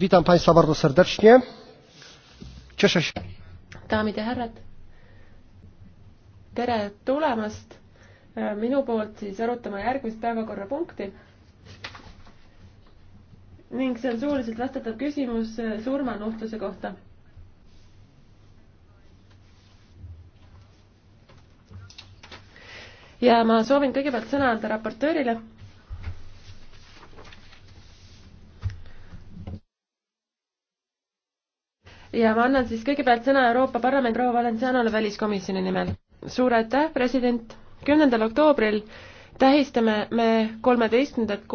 witam państwa bardzo serdecznie cieszę się daamid ja härrad tere tulemast äh, minu poolt siis arutama järgmist päevakorrapunkti ning see on suuliselt vastatav küsimus äh, surmanuhtluse kohta ja ma soovin kõigepealt sõna anda raportöörile ja ma annan siis kõigepealt sõna Euroopa Parlamendi proua Valencianole väliskomisjoni nimel. suur aitäh, president! kümnendal oktoobril tähistame me kolmeteistkümnendat